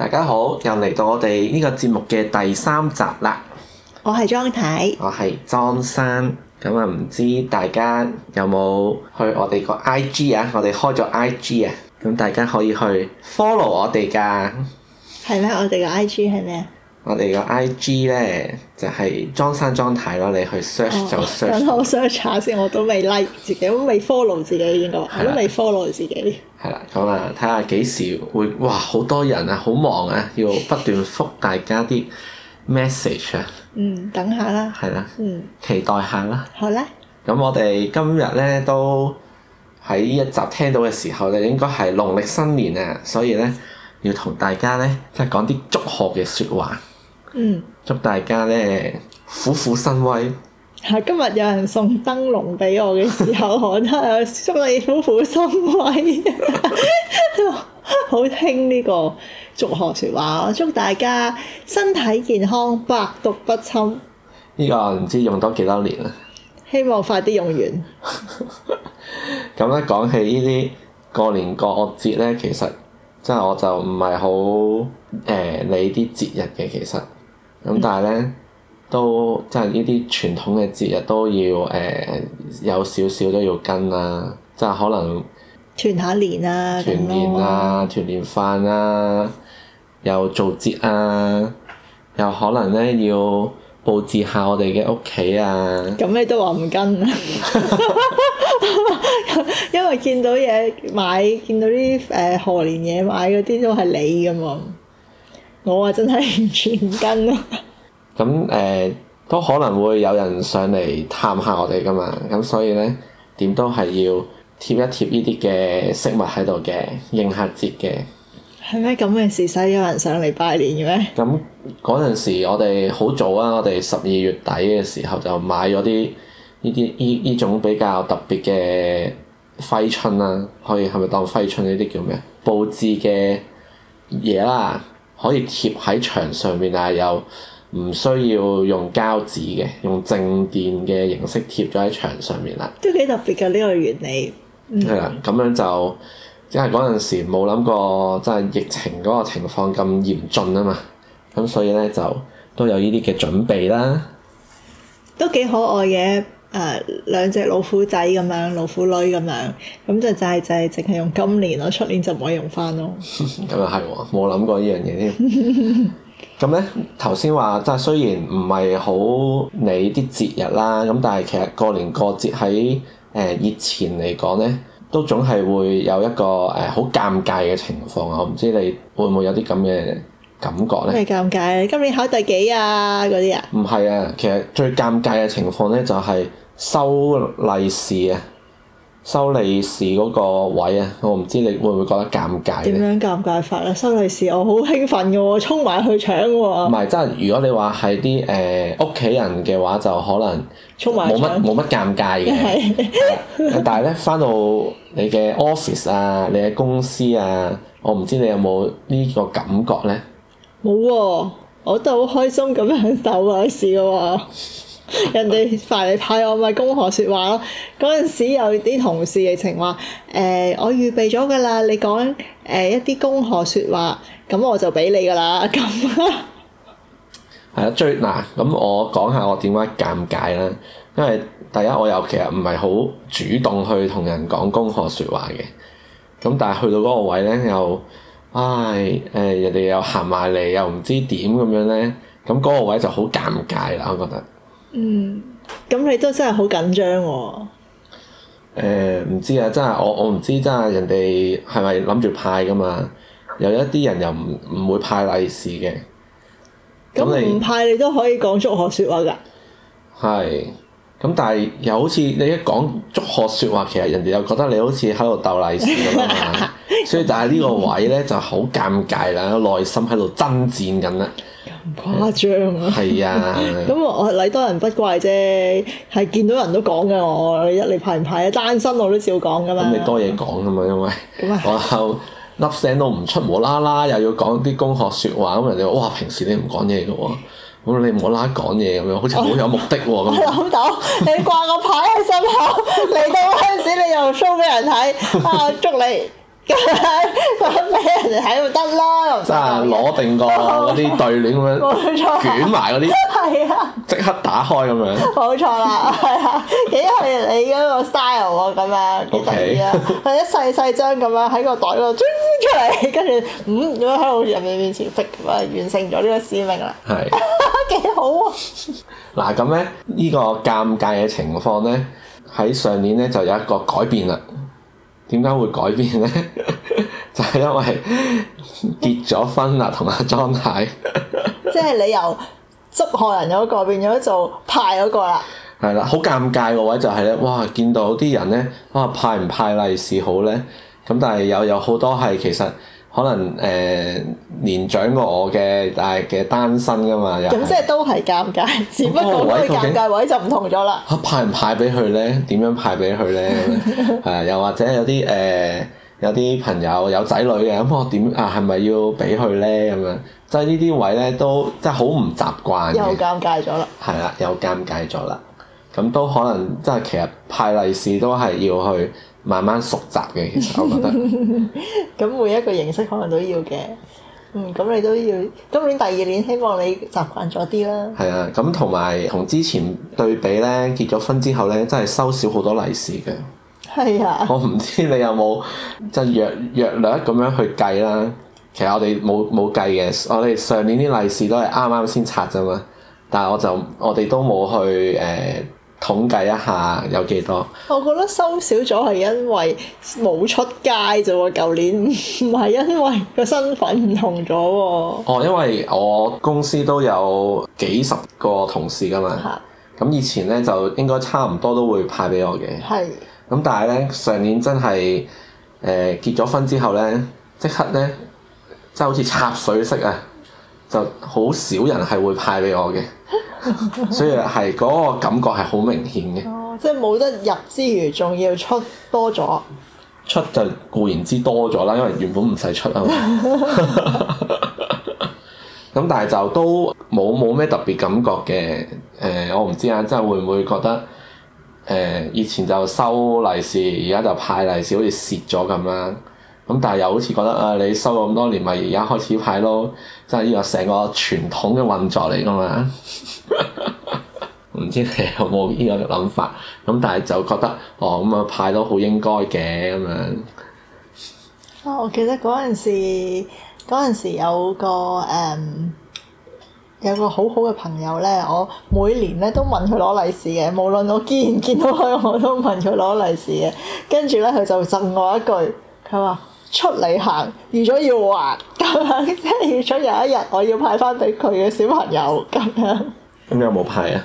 大家好，又嚟到我哋呢個節目嘅第三集啦。我係莊太，我係莊生。咁啊，唔知大家有冇去我哋個 IG 啊？我哋開咗 IG 啊，咁、嗯、大家可以去 follow 我哋噶。係咩？我哋個 IG 係咩？我哋個 IG 咧，就係裝山裝太咯，你去 search 就 search，哦。等我 search 下先，我都未 like，自己都未 follow 自己，應該係都未 follow 自己。係啦，咁啊，睇下幾時會哇，好多人啊，好忙啊，要不斷覆大家啲 message 啊。嗯，等下啦。係啦。嗯。期待下啦。好啦。咁我哋今日咧都喺一集聽到嘅時候咧，應該係農曆新年啊，所以咧要同大家咧即係講啲祝賀嘅説話。嗯，祝大家咧，虎虎生威。係今日有人送燈籠俾我嘅時候， 我都係祝你虎虎生威， 好聽呢個祝賀説話。祝大家身體健康，百毒不侵。呢個唔知用多幾多年啦。希望快啲用完。咁咧，講起呢啲過年過節咧，其實真係我就唔係好誒理啲節日嘅，其實。咁、嗯、但係咧，都即係呢啲傳統嘅節日都要誒、呃、有少少都要跟啦、啊，即係可能團下年啊，團年啊，團年飯啊，又做節啊，又可能咧要佈置下我哋嘅屋企啊。咁你都話唔跟 因為見到嘢買，見到啲誒賀年嘢買嗰啲都係你㗎嘛。我啊，真係完全唔跟咯 。咁、呃、誒，都可能會有人上嚟探下我哋噶嘛。咁所以咧，點都係要貼一貼呢啲嘅飾物喺度嘅，應下節嘅。係咩咁嘅時使有人上嚟拜年嘅咩？咁嗰陣時我，我哋好早啊！我哋十二月底嘅時候就買咗啲呢啲呢呢種比較特別嘅揮春啦，可以係咪當揮春呢啲叫咩佈置嘅嘢啦？可以貼喺牆上面，呀又唔需要用膠紙嘅，用靜電嘅形式貼咗喺牆上面啦。都幾特別嘅呢、呢個原理。係啦、嗯，咁樣就因為嗰陣時冇諗過，真係疫情嗰個情況咁嚴峻啊嘛，咁所以咧就都有呢啲嘅準備啦。都幾可愛嘅。誒兩隻老虎仔咁樣，老虎女咁樣，咁就就係就係淨係用今年咯，出年就唔可以用翻咯。咁又係喎，冇諗過呢樣嘢添。咁咧頭先話即係雖然唔係好你啲節日啦，咁但係其實過年過節喺誒以前嚟講咧，都總係會有一個誒好尷尬嘅情況啊！我唔知你會唔會有啲咁嘅感覺咧？係尷尬，今年考第幾啊？嗰啲呀？唔係啊，其實最尷尬嘅情況咧就係、是。收利是啊，收利是嗰個位啊，我唔知你會唔會覺得尷尬？點樣尷尬法啊？收利是，我好興奮嘅喎，衝埋去搶喎、哦。唔係，真係如果你話係啲誒屋企人嘅話，就可能冇乜冇乜尷尬嘅。也是 但係咧，翻到你嘅 office 啊，你嘅公司啊，我唔知你有冇呢個感覺咧。冇喎、哦，我都好開心咁樣收利是嘅喎。 人哋快嚟派我咪、就是、恭賀説話咯！嗰陣時有啲同事已經話誒，我預備咗噶啦，你講誒、欸、一啲恭賀説話，咁我就俾你噶啦。咁係啊，最嗱咁我講下我點解尷尬啦，因為第一我又其實唔係好主動去同人講恭賀説話嘅，咁但係去到嗰個位咧又唉誒、哎、人哋又行埋嚟又唔知點咁樣咧，咁嗰個位就好尷尬啦，我覺得。嗯，咁你都真係好緊張喎。誒、呃，唔知啊，真係我我唔知，真係人哋係咪諗住派噶嘛？有一啲人又唔唔會派利是嘅。咁唔派你都可以講祝賀説話噶。係、嗯，咁但係又好似你一講祝賀説話，其實人哋又覺得你好似喺度鬥利是噶嘛。 所以但係呢個位咧就好尷尬啦，內心喺度爭戰緊啦。唔誇張啊！係啊！咁我、 嗯啊嗯、我禮多人不怪啫，係見到人都講嘅，我一排排，一你排唔排啊，單身我都照講噶嘛。咁你多嘢講噶嘛，嗯、因為我凹粒聲都唔出，無啦啦又要講啲工學説話，咁人哋話哇，平時你唔講嘢嘅喎，咁、嗯嗯、你無啦啦講嘢咁樣，好似好有，有目的喎咁。 我諗到，你掛我牌喺心口，嚟 到嗰陣時你又 show 俾人睇啊，祝你。咁俾 人哋睇咪得咯，即係攞定個嗰啲對聯咁樣，卷埋嗰啲，係啊，即、 啊、刻打開咁樣，冇錯啦，係啊，幾係你嗰個 style 啊，咁 Okay. 樣，幾得意啊，或者細細張咁樣喺個袋度，出嚟，跟住，嗯，咁樣喺人哋面前逼，咁啊，完成咗呢個使命啦，係是，幾 好啊，嗱，咁咧呢個尷尬嘅情況咧，喺上年咧就有一個改變啦。點解會改變呢？ 就係因為結咗婚啦，同 阿莊太。即係你由執害人嗰個變咗做派嗰個啦。係啦， 好尷尬個位就係、是、咧，哇！見到啲人咧，哇！派唔派利是好咧，咁但係有有好多係其實。可能誒年、呃、長過我嘅，但係嘅單身噶嘛，咁即係都係尷尬，只不過佢尷底尬位就唔同咗啦、啊。派唔派俾佢咧？點樣派俾佢咧？係 啊，又或者有啲誒、呃、有啲朋友有仔女嘅，咁我點啊係咪、啊、要俾佢咧？咁樣即係呢啲位咧都即係好唔習慣，又尤尤，又尷尬咗啦。係啦，又尷尬咗啦。咁都可能即係其實派利是都係要去。慢慢熟習嘅，其實我覺得慢慢。咁 每一個形式可能都要嘅，嗯，咁你都要。今年第二年，希望你習慣咗啲啦。係啊，咁同埋同之前對比咧，結咗婚之後咧，真係收少好多利是嘅。係啊。我唔知你有冇即係約約略咁樣去計啦。其實我哋冇冇計嘅，我哋上年啲利是都係啱啱先拆啫嘛。但係我就我哋都冇去誒、呃統計一下有幾多？我覺得收少咗係因為冇出街啫喎，舊年唔係因為個身份唔同咗喎。哦，因為我公司都有幾十個同事噶嘛，咁是以前呢，就應該差唔多都會派俾我嘅。係是。咁但係呢，上年真係誒、呃、結咗婚之後呢，即刻呢，即係好似插水式啊，就好少人係會派俾我嘅。 所以係嗰個感覺係好明顯嘅。哦，即係冇得入之餘，仲要出多咗，出就固然之多咗啦，因為原本唔使出啊嘛。咁 但係就都冇冇咩特別感覺嘅，誒、呃，我唔知啊，即係會唔會覺得，誒、呃，以前就收利是，而家就派利是，好似蝕咗咁啦。咁但係又好似覺得誒、哎，你收咗咁多年，咪而家開始派咯，即係呢個成個傳統嘅運作嚟㗎嘛。唔 知你有冇呢個諗法？咁但係就覺得哦，咁啊派都好應該嘅咁樣。啊、哦，我記得嗰陣時，嗰時有個誒、嗯、有個好好嘅朋友咧，我每年咧都問佢攞利是嘅，無論我見唔見到佢，我都問佢攞利是嘅。跟住咧，佢就贈我一句，佢話，出嚟行，預咗要還咁樣，即係預咗有一日我要派翻俾佢嘅小朋友咁樣。咁有冇派啊？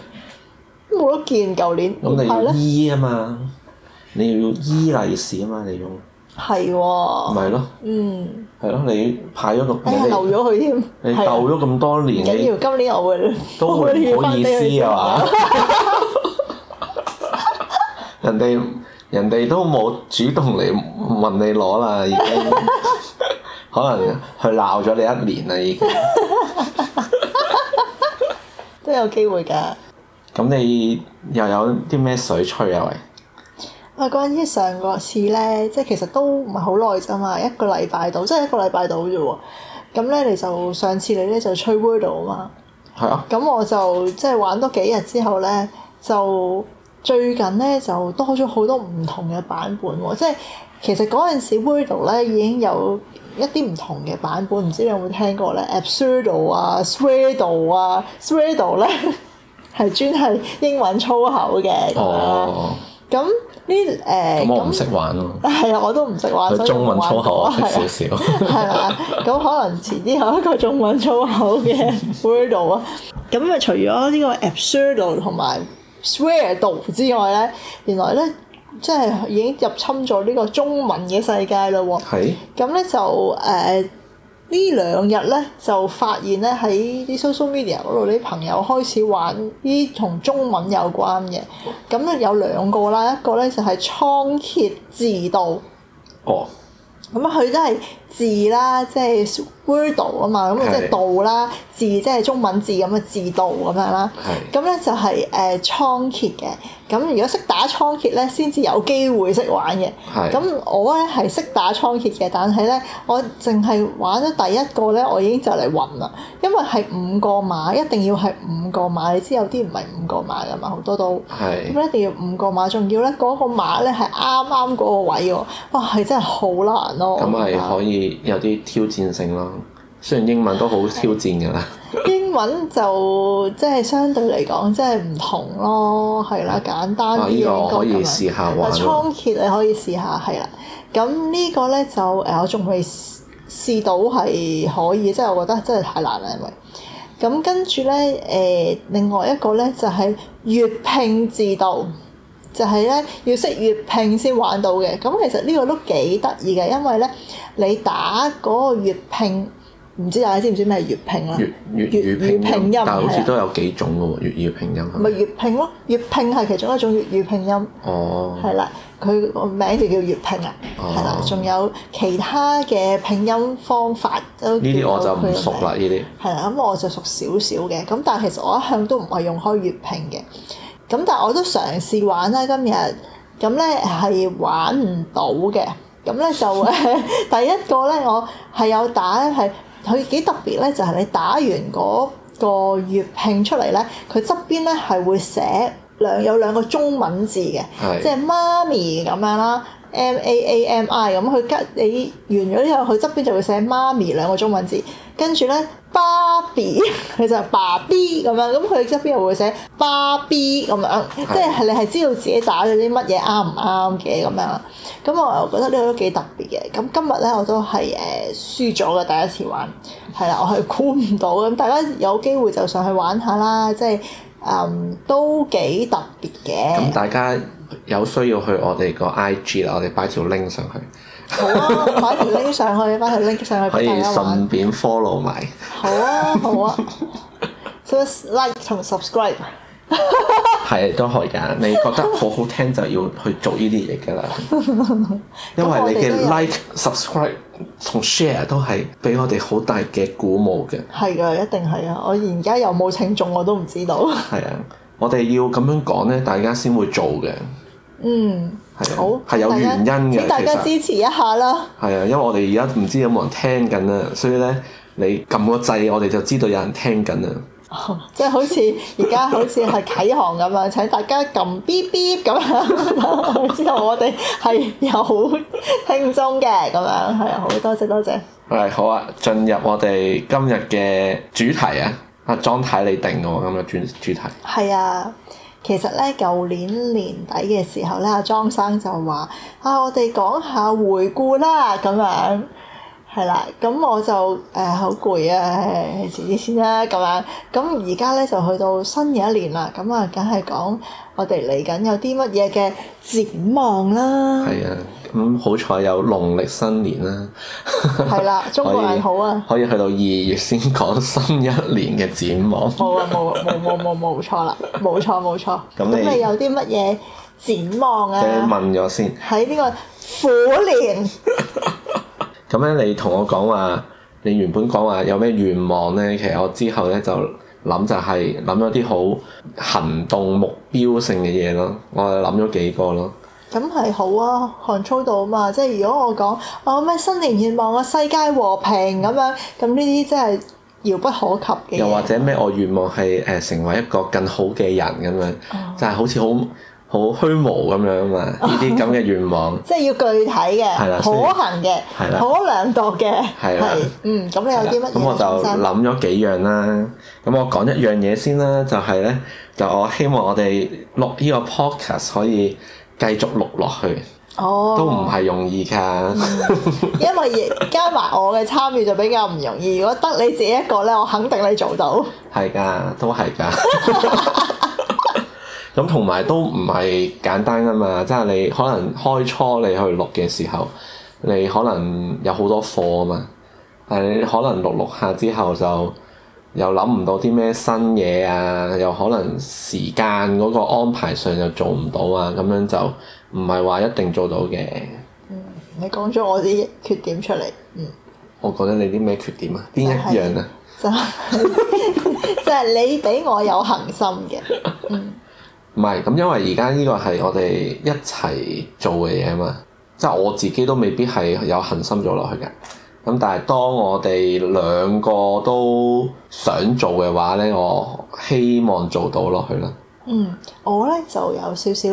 冇得見，舊年咁你要依啊嘛，你要依利是啊嘛，你總。係喎。咪咯。嗯。係咯，你派咗六，你留咗佢添。你留咗咁多年，緊要今年又會都會好意思係嘛？人哋。人哋都冇主動嚟問你攞啦，已經 可能佢鬧咗你一年啦，已經 都有機會㗎。咁你又有啲咩水吹啊？喂，啊，關於上個次呢，即係其實都唔係好耐啫嘛，一個禮拜到，即係一個禮拜到啫喎。咁呢，你就上次你呢就吹 Word 啊嘛。係啊。咁我就即係玩多幾日之後呢，就。最近咧就多咗好多唔同嘅版本喎，即係其實嗰陣時 Wordle 咧已經有一啲唔同嘅版本，唔知你有冇聽過咧 Absurdle 啊，Sweardle 啊，Sweardle 咧係 專係英文粗口嘅哦，咯。咁呢誒咁我唔識玩咯、啊，但係、嗯嗯、我都唔識玩，所以中文粗口少少、哦、啊。識少少。係啦、啊，咁可能遲啲有一個中文粗口嘅 Wordle 啊。咁咪除咗呢個 Absurdle 同埋。Sware e 之外咧，原來咧即係已經入侵咗呢個中文嘅世界嘞喎、哦。咁咧是、嗯、就誒、呃、呢兩日咧就發現咧喺啲 social media 嗰度啲朋友開始玩啲同中文有關嘅。咁、嗯、咧有兩個啦，一個咧就係倉頡字度。哦、oh. 嗯。咁佢都係。字啦，即係 word 啊嘛，咁啊的即係道啦，字即係中文字咁嘅字道咁樣啦。咁咧是的 就係誒倉頡嘅，咁、呃、如果識打倉頡咧，先至有機會識玩嘅。咁是的 我咧係識打倉頡嘅，但係咧我淨係玩咗第一個咧，我已經就嚟暈啦，因為係五個碼，一定要係五個碼，你知有啲唔係五個碼嘅嘛，好多都咁是的 一定要五個碼，仲要咧，嗰個碼咧係啱啱嗰個位喎，哇，係真係好難咯、啊。咁係可以。有啲挑戰性咯，雖然英文都好挑戰㗎啦。英文就即係相對嚟講，即係唔同咯，係啦，簡單啲呢個可以試下玩。倉頡你可以試下，係啦。咁呢個咧就誒，我仲未試到係可以，即係我覺得真係太難啦，因為咁跟住咧誒，另外一個咧就係粵拼字導。就係咧，要識粵拼先玩到嘅。咁其實呢個都幾得意嘅，因為咧你打嗰個粵拼，唔知大家知唔知咩係粵拼啊？粵粵語拼音，拼音但好似都有幾種嘅喎，粵語拼音。咪粵拼咯，粵拼係其中一種粵語拼音。哦、oh.，係啦，佢個名就叫粵拼啊，係啦、oh.。仲有其他嘅拼音方法都見到佢。呢啲我就唔熟啦，呢啲。係啦些，咁我就熟少少嘅。咁但係其實我一向都唔係用開粵拼嘅。咁但係我都嘗試玩啦今日，咁咧係玩唔到嘅。咁咧就第一個咧我係有打，係佢幾特別咧，就係、是、你打完嗰個月拼出嚟咧，佢側邊咧係會寫兩有兩個中文字嘅，是即係媽咪咁樣啦。M A A M I，咁佢吉你完咗之後，佢側邊就會寫媽咪兩個中文字，跟住咧爸比佢就爸比咁樣，咁佢側邊又會寫爸比咁樣，即係你係知道自己打咗啲乜嘢啱唔啱嘅咁樣。咁我覺得呢個都幾特別嘅。咁今日咧我都係誒、呃、輸咗嘅第一次玩，係啦，我係估唔到嘅。咁大家有機會就上去玩下啦，即係。誒，都幾特別嘅。咁大家有需要去我哋個 IG 啦，我哋擺條 link 上去。好啊，擺條 link 上去，擺條 link 上去俾大家玩。可以順便 follow 埋。好啊，好啊，so please like 同 subscribe。係 都可以噶，你覺得好好聽就要去做呢啲嘢噶啦，因為你嘅 like、like, subscribe 同 share 都係俾我哋好大嘅鼓舞嘅。係噶，一定係啊！我而家有冇聽眾我都唔知道。係啊，我哋要咁樣講咧，大家先會做嘅。嗯，係啊的，係好有原因嘅。大家，大家支持一下啦。係啊，因為我哋而家唔知有冇人聽緊啊，所以咧你撳個掣，我哋就知道有人聽緊啊。哦、即係好似而家好似係啓航咁樣， 請大家撳 BB 咁樣，之 後我哋係有聽眾嘅咁樣，係好多謝多謝。係、okay, 好啊，進入我哋今日嘅主題啊，阿莊太，太你定嘅今日主主題。係啊，其實咧舊年年底嘅時候咧，阿莊生就話啊，我哋講下回顧啦，咁樣。係啦，咁我就誒好攰啊，誒遲啲先啦、啊、咁樣。咁而家咧就去到新嘅一年啦，咁啊梗係講我哋嚟緊有啲乜嘢嘅展望啦。係啊，咁好彩有農曆新年啦。係啦，中國人好啊，可以，可以去到二月先講新一年嘅展望。冇 啊冇冇冇冇冇錯啦，冇錯冇錯。咁你，你有啲乜嘢展望啊？你問咗先。喺呢、呢個虎年。 咁咧，你同我講話，你原本講話有咩願望咧？其實我之後咧就諗就係諗咗啲好行動目標性嘅嘢咯。我諗咗幾個咯。咁係、嗯、好啊，行操到啊嘛。即係如果我講我咩新年願望啊，世界和平咁樣，咁呢啲真係遙不可及嘅、啊。又或者咩？我願望係誒、呃、成為一個更好嘅人咁樣，哦、就係好似好。好虛無咁樣啊嘛！呢啲咁嘅願望，哦、即係要具體嘅，可係啦行嘅，可量係啦度嘅，係啦係嗯。咁你有啲乜嘢？咁我就諗咗幾樣啦。咁我講一樣嘢先啦，就係、是、咧，就我希望我哋錄呢個 podcast 可以繼續錄落去。哦，都唔係容易㗎。 因為加埋我嘅參與就比較唔容易。如果得你自己一個咧，我肯定你做到。係㗎，都係㗎。 咁同埋都唔係簡單噶嘛，即係你可能開初你去錄嘅時候，你可能有好多課啊嘛，但係你可能錄錄下之後就又諗唔到啲咩新嘢啊，又可能時間嗰個安排上又做唔到啊，咁樣就唔係話一定做到嘅。嗯。嗯，你講咗我啲缺點出嚟。嗯，我覺得你啲咩缺點啊？邊一樣啊？就係、就係、 你比我有恒心嘅。嗯。唔係咁，因為而家呢個係我哋一齊做嘅嘢啊嘛，即係我自己都未必係有恒心做落去嘅。咁但係當我哋兩個都想做嘅話呢，我希望做到落去啦。嗯，我呢就有少少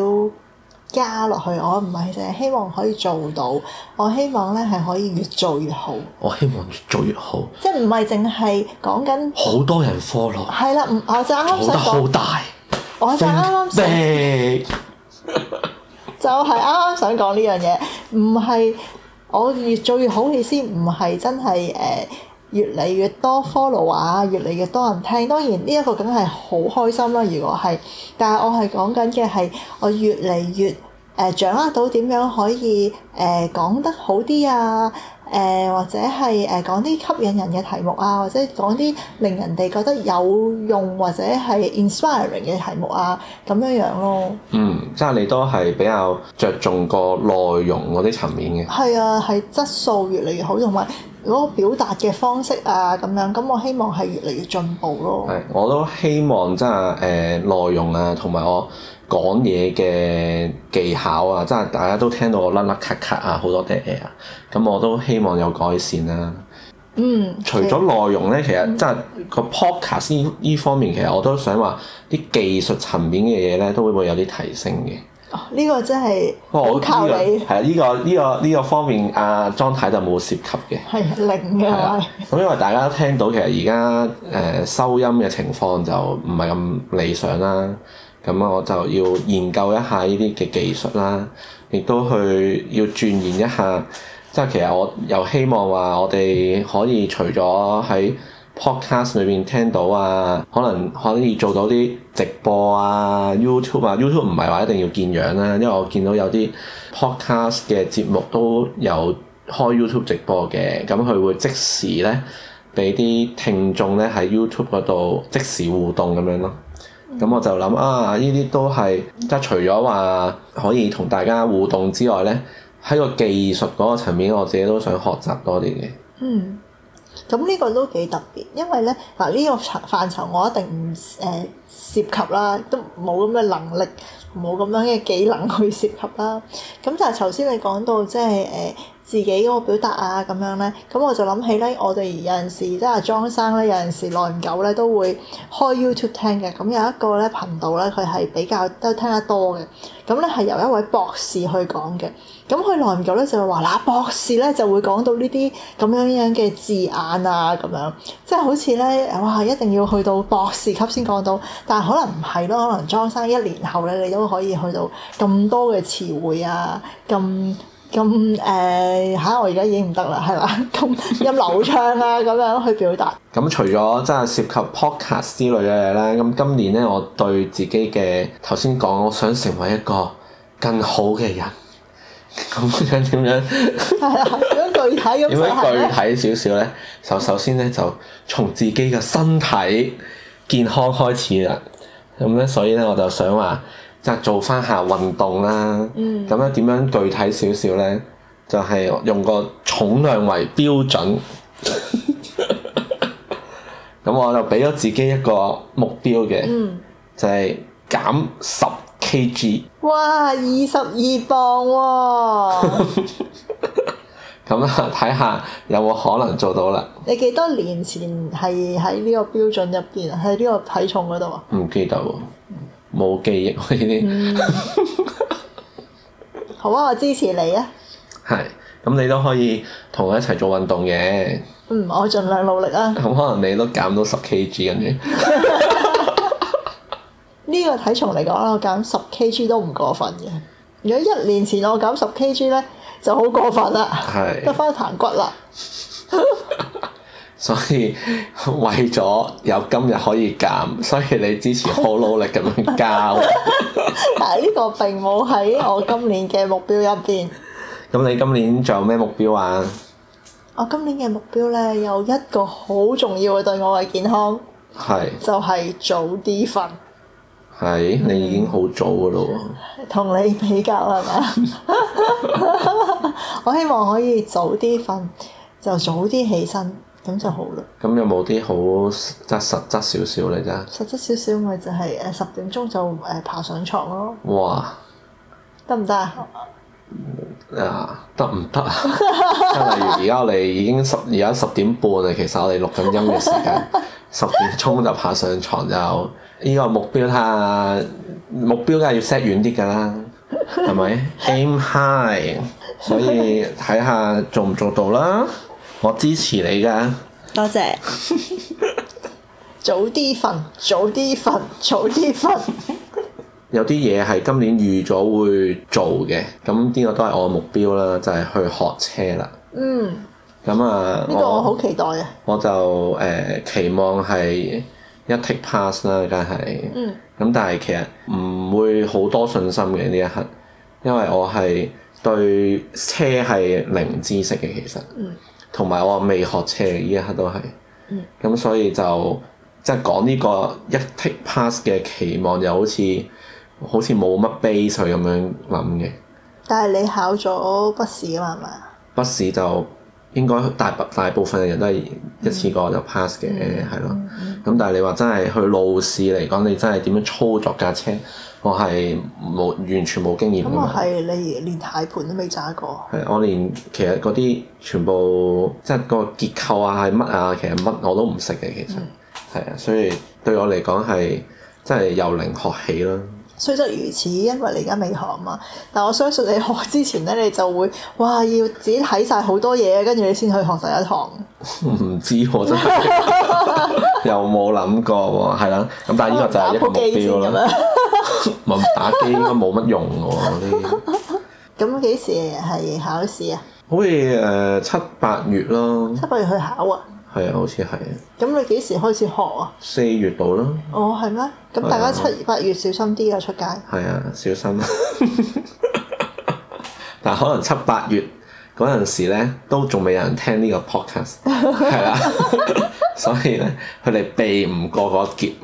加落去，我唔係淨係希望可以做到，我希望呢係可以越做越好。我希望越做越好，即係唔係淨係講緊好多人 follow。係啦，唔，我就啱啱想講。好得好大。我就啱啱 就係啱啱想講呢樣嘢，唔係我越做越好嘅意思，唔係真係誒、呃、越嚟越多 follow 啊、er，越嚟越多人聽。當然呢一個梗係好開心啦，如果係，但係我係講緊嘅係我越嚟越誒、呃、掌握到點樣可以誒、呃、講得好啲啊！誒、呃、或者係誒講啲吸引人嘅題目啊，或者講啲令人哋覺得有用或者係 inspiring 嘅題目啊，咁樣樣咯。嗯，即係你都係比較着重個內容嗰啲層面嘅。係啊，係質素越嚟越好，同埋。嗰個表達嘅方式啊，咁樣咁我希望係越嚟越進步咯。係，我都希望即係誒內容啊，同埋我講嘢嘅技巧啊，即係大家都聽到我甩甩咳咳啊，好多啲嘢啊，咁我都希望有改善啦、啊。Mm, 嗯。除咗內容咧，其實即係、嗯、個 podcast 呢方面，其實我都想話啲技術層面嘅嘢咧，都會唔會有啲提升嘅？呢、哦，這個真係我靠你係啊！呢，這個呢，這個呢，這個方面，阿莊太就冇涉及嘅，係零嘅。咁因為大家都聽到其實而家誒收音嘅情況就唔係咁理想啦，咁我就要研究一下呢啲嘅技術啦，亦都去要鑽研一下。即係其實我又希望話，我哋可以除咗喺 podcast 裏面聽到啊，可能可以做到啲直播啊，YouTube 啊，YouTube 唔係話一定要見樣啦，因為我見到有啲 podcast 嘅節目都有開 YouTube 直播嘅，咁佢會即時咧俾啲聽眾咧喺 YouTube 嗰度即時互動咁樣咯。咁我就諗啊，呢啲都係即係除咗話可以同大家互動之外咧，喺個技術嗰個層面，我自己都想學習多啲嘅。嗯。咁呢個都幾特別，因為咧嗱呢、呢個範疇我一定唔誒、呃、涉及啦，都冇咁嘅能力，冇咁樣嘅技能去涉及啦。咁、嗯、但係頭先你講到即係誒。呃自己嗰個表達啊，咁樣咧，咁我就諗起咧，我哋有陣時即係莊生咧，有陣時耐唔久咧都會開 YouTube 聽嘅。咁有一個咧頻道咧，佢係比較都聽得多嘅。咁咧係由一位博士去講嘅。咁佢耐唔久咧就會話嗱，博士咧就會講到呢啲咁樣樣嘅字眼啊，咁樣即係好似咧哇，一定要去到博士級先講到。但係可能唔係咯，可能莊生一年後咧，你都可以去到咁多嘅詞彙啊，咁。咁誒吓，我而家已經唔得啦，係嘛？咁咁流暢啊，咁樣去表達。咁除咗真係涉及 podcast 之類嘅嘢啦，咁今年咧，我對自己嘅頭先講，我想成為一個更好嘅人。咁想點樣？係啊，咁 具體咁。具體少少咧？首首先咧，就從自己嘅身體健康開始啦。咁咧，所以咧，我就想話。就做翻下運動啦，咁樣點樣具體少少咧？就係、是、用個重量為標準，咁 我就俾咗自己一個目標嘅，嗯、就係減十 Kg。哇，二十二磅喎，哦！咁啊，睇下有冇可能做到啦？你幾多年前係喺呢個標準入邊，喺呢個體重嗰度啊？唔記得喎。冇記憶嗰啲， 嗯、 好啊！我支持你啊！係，咁你都可以同我一齊做運動嘅。嗯，我盡量努力啦、啊。咁、嗯、可能你都減到十 K G，跟住呢個體重嚟講，我減十 K G 都唔過分嘅。如果一年前我減十 K G 呢，就好過分啦，得翻是彈骨啦。 所以為咗有今日可以減，所以你之前好努力咁樣教。 但係呢個並冇喺我今年嘅目標入邊。咁 你今年仲有咩目標啊？我今年嘅目標呢，有一個好重要嘅對我嘅健康，係是就係早啲瞓。係你已經好早㗎啦喎。同、嗯、你比較係嘛？ 我希望可以早啲瞓，就早啲起身。咁就好啦。咁有冇啲好即實質少少咧？啫實質少少咪就係誒十點鐘就誒爬上床咯。哇！得唔得啊？啊，得唔得啊？即例如而家我哋已經十而家十點半啊，其實我哋錄緊音嘅時間 十點鐘就爬上床就。就、呢、呢個目標下，目標梗係要 set 遠啲㗎啦，係咪 ？Aim high，所以睇下做唔做到啦。我支持你㗎，多謝。 早啲瞓，早啲瞓，早啲瞓。 有啲嘢係今年預咗會做嘅，咁呢個都係我目標啦，就係、是、去學車啦。嗯。咁啊，呢個我好期待啊！我就誒、呃、期望係一 take pass 啦，梗係。嗯。咁但係其實唔會好多信心嘅呢一刻，因為我係對車係零知識嘅，其實。嗯。同埋我未學車呢一刻都係，咁、嗯、所以就即係講呢個一 take pass 嘅期望又好似好似冇乜 base 咁樣諗嘅。但係你考咗筆試啊嘛？係嘛？筆試就。應該大大部分嘅人都係一次過就 pass 嘅，係咯、嗯。咁但係你話真係去路試嚟講，你真係點樣操作架車，我係冇完全冇經驗嘅。我係你連軚盤都未揸過。係、嗯、我連其實嗰啲全部即係個結構啊，係乜啊，其實乜我都唔識嘅。其實係啊、嗯，所以對我嚟講係真係由零學起咯。雖則如此，因為你而家未學嘛，但我相信你學之前咧，你就會哇，要自己睇晒好多嘢，跟住你先去學第一堂。唔知喎、啊，真係 又冇諗過喎、啊，係啦、啊。咁但係呢個就係一個目標啦。打機, 打機應該冇乜用喎、啊。咁幾 時係考試啊？好似誒、呃、七八月咯。七八月去考啊？係啊，好似係啊。咁你幾時開始學啊？四月到啦。哦，係咩？咁大家七,的七八月小心啲啊，出街。係啊，小心。啊。 但可能七八月嗰陣時咧，都仲未有人聽呢個 podcast，係啦 是的。 所以咧，佢哋避唔過個劫。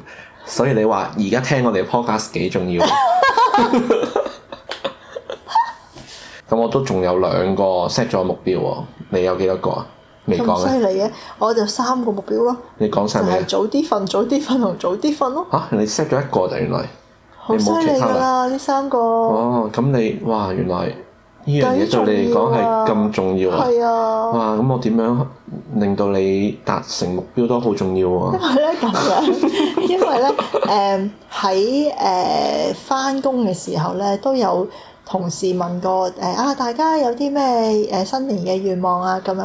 所以你話而家聽我哋 podcast 幾重要？咁 我都仲有兩個 set 咗目標啊！你有幾多個？咁犀利嘅，我就三個目標咯。你講晒未？就係早啲瞓、早啲瞓同早啲瞓咯。吓！你 set 咗一個就原來好犀利㗎啦！呢三個。哦，咁你哇，原來呢樣嘢對你嚟講係咁重要啊！係啊！哇，咁我點樣令到你達成目標都好重要啊！因為咧咁樣，因為咧誒喺誒翻工嘅時候咧都有。同事問過誒啊、哎，大家有啲咩誒新年嘅願望啊咁樣，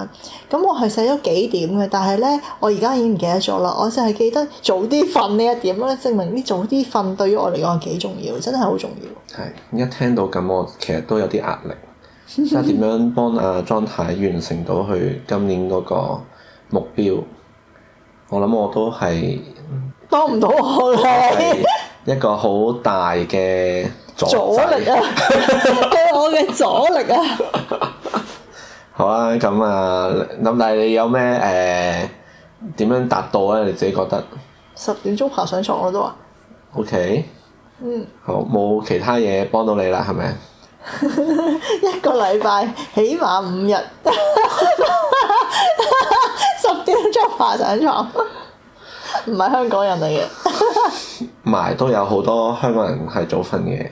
咁、嗯、我係寫咗幾點嘅，但係咧我而家已經唔記得咗啦，我淨係記得早啲瞓呢一點咯，證明啲早啲瞓對於我嚟講係幾重要，真係好重要。係一聽到咁我其實都有啲壓力，點樣幫阿莊太完成到佢今年嗰個目標？我諗我都係幫唔到佢，我 我一個好大嘅。阻力啊， 我嘅阻力啊。 好啊，咁啊，諗下你有咩誒，點樣達到啊？你自己覺得？十點鐘爬上床我都話。OK。嗯。好，冇其他嘢幫到你啦，係咪？一個禮拜起碼五日，十點鐘爬上床，唔係香港人嚟嘅。埋 都有好多香港人係早瞓嘅。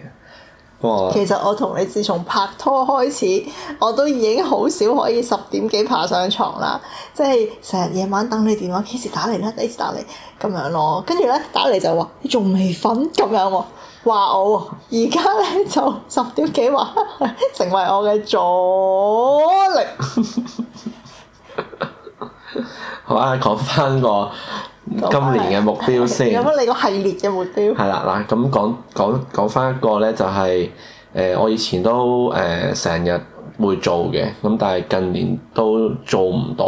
哇其實我同你自從拍拖開始，我都已經好少可以十點幾爬上床啦，即係成日夜晚等你電話，幾時打嚟啦，幾時打嚟咁樣咯。跟住咧打嚟就話你仲未瞓咁樣喎，話我喎，而家咧就十點幾話成為我嘅阻力。好 啊，講翻個。今年嘅目標先，有冇你個系列嘅目標？係啦， 嗱，咁講講講翻一個咧，就係、是、誒、呃，我以前都誒成、呃、日會做嘅，咁但係近年都做唔到，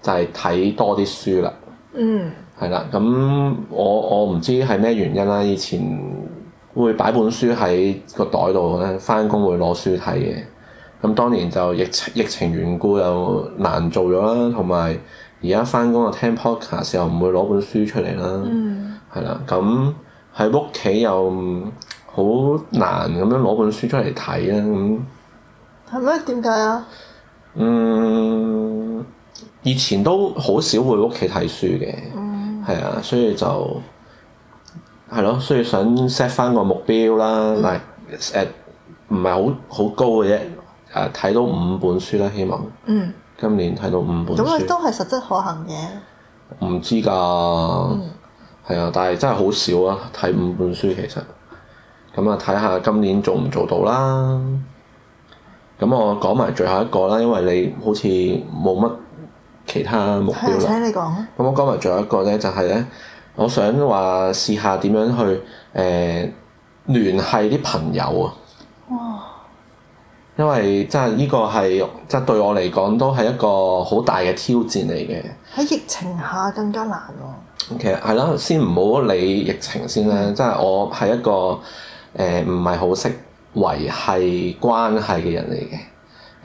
就係睇多啲書啦。嗯，係啦，咁我我唔知係咩原因啦，以前會擺本書喺個袋度咧，翻工會攞書睇嘅。咁當年就疫情疫情緣故又難做咗啦，同埋。而家翻工就聽 podcast，時候唔會攞本書出嚟啦，係啦、嗯。咁喺屋企又好難咁樣攞本書出嚟睇啦。咁係咩？點解啊？嗯，以前都好少會屋企睇書嘅，係啊、嗯，所以就係咯，所以想 set 翻個目標啦，唔係唔係好好高嘅啫，誒、呃，睇到五本書啦，嗯、希望。嗯。今年睇到五本書，咁啊都係實質可行嘅。唔知㗎，係啊、嗯，但係真係好少啊，睇五本書其實。咁、嗯、啊，睇下今年做唔做到啦。咁、嗯、我講埋最後一個啦，因為你好似冇乜其他目標啦。係啊，請你講啊。咁、嗯、我講埋最有一個最後一個呢，就係、是、呢：我想話試下點樣去誒、呃、聯繫啲朋友啊。因為真係呢個係，即係對我嚟講都係一個好大嘅挑戰嚟嘅。喺疫情下更加難喎、哦。其實係啦，先唔好理疫情先啦。即係、嗯、我係一個誒唔係好識維繫關係嘅人嚟嘅。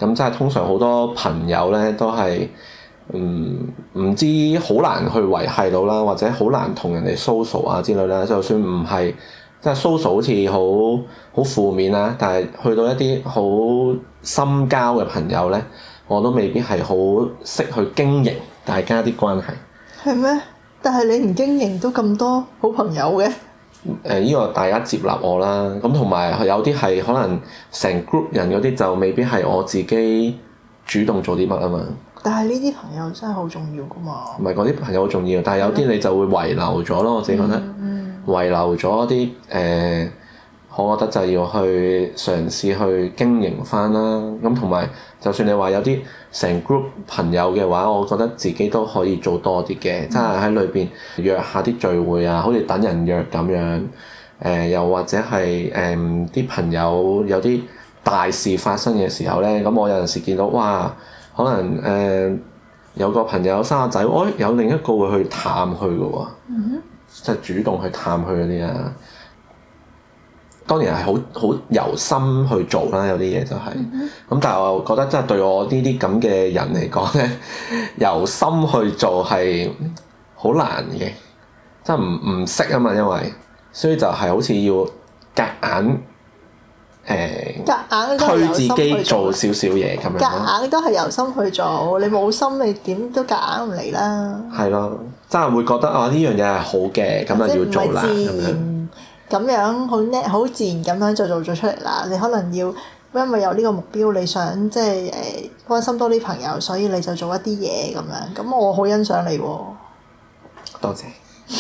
咁即係通常好多朋友咧都係，嗯、唔知好難去維繫到啦，或者好難同人哋 social 啊之類啦。就算唔係。即係 social 好似好好負面啊！但係去到一啲好深交嘅朋友呢，我都未必係好識去經營大家啲關係。係咩？但係你唔經營都咁多好朋友嘅。誒、呃，依、這個大家接納我啦。咁同埋有啲係可能成 group 人嗰啲就未必係我自己主動做啲乜啊嘛。但係呢啲朋友真係好重要噶嘛。唔係嗰啲朋友好重要，但係有啲你就會遺留咗咯。嗯、我自己覺得。遺留咗啲，誒、呃，我覺得就要去嘗試去經營返啦。咁同埋，就算你話有啲成 group 朋友嘅話，我覺得自己都可以做多啲嘅，即係喺裏邊約下啲聚會啊，好似等人約咁樣。誒、呃，又或者係誒啲朋友有啲大事發生嘅時候呢。咁、嗯、我有陣時見到哇，可能誒、呃、有個朋友生阿仔，我、哦、有另一個會去探佢嘅喎。嗯即係主動去探佢嗰啲啊，當然係好好由心去做啦。有啲嘢就係、是、咁，mm hmm。但係我覺得即係對我呢啲咁嘅人嚟講咧，由心去做係好難嘅，即係唔唔識啊嘛，因為所以就係好似要夾硬。誒，推自己做少少嘢咁樣，夾硬都係由，由心去做。你冇心你，你點都夾硬唔嚟啦。係咯，真係會覺得啊，呢、哦、樣嘢係好嘅，咁就要做啦。咁樣咁樣好叻，好自然咁樣就做咗出嚟啦。你可能要因為有呢個目標，你想即係誒關心多啲朋友，所以你就做一啲嘢咁樣。咁我好欣賞你喎、哦。多謝，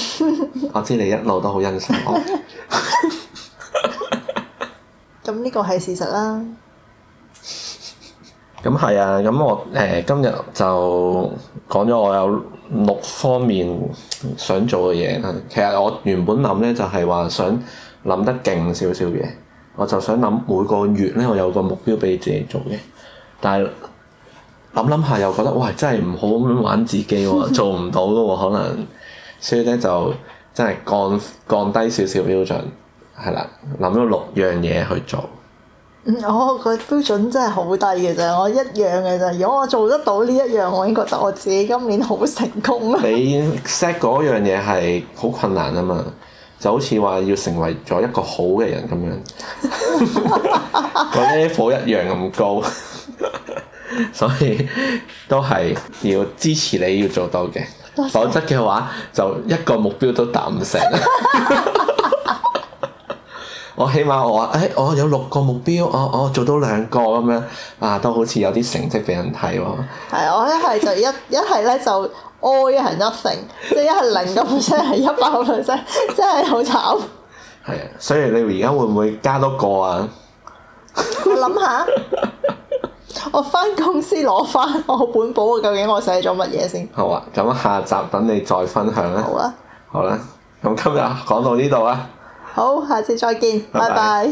我知你一路都好欣賞我。 咁呢個係事實啦。咁係啊，咁我誒、呃、今日就講咗我有六方面想做嘅嘢啦。其實我原本諗呢就係、是、話想諗得勁少少嘢，我就想諗每個月呢，我有個目標俾自己做嘅。但係諗諗下又覺得哇，真係唔好咁樣玩自己喎、哦， 做唔到㗎喎，可能。所以咧就真係降降低少少標準。係啦，諗咗六樣嘢去做。嗯，我個標準真係好低嘅啫，我一樣嘅啫。如果我做得到呢一樣，我已經覺得我自己今年好成功啦。你 set 嗰樣嘢係好困難啊嘛，就好似話要成為咗一個好嘅人咁樣，個 level 一樣咁高，所以都係要支持你要做到嘅，否則嘅話就一個目標都達唔成。 起碼我起碼我話，誒、哎，我、哦、有六個目標，我、哦、我、哦、做到兩個咁樣，啊，都好似有啲成績俾人睇喎、哦。係，我一係就一， 一係咧就 nothing，係一係，哦，一 成，即係一係零個 percent，係一百個 percent，真係好慘。係啊，所以你而家會唔會加多個啊？ 我諗下， 我翻公司攞翻我本簿，究竟我寫咗乜嘢先？好啊，咁下集等你再分享啦。好啊吧，好啦，咁今日講到呢度啊。好，下次再見，拜拜。